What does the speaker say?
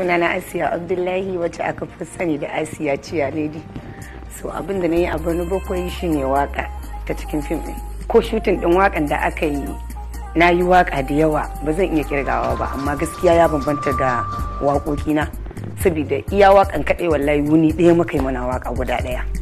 na asiya abdullahi wacce aka fi sani da asiya ciya lady so abin da na yi a birnin bakwai shi ne waka ta cikin fim ɗin ko shutin ɗin wakan da aka yi na yi waka da yawa ba zan iya kirgawa ba amma gaskiya ya bambanta waƙoƙi waƙoƙina saboda iya wakan kaɗai wallahi wuni ɗaya muka yi mana waka guda ɗaya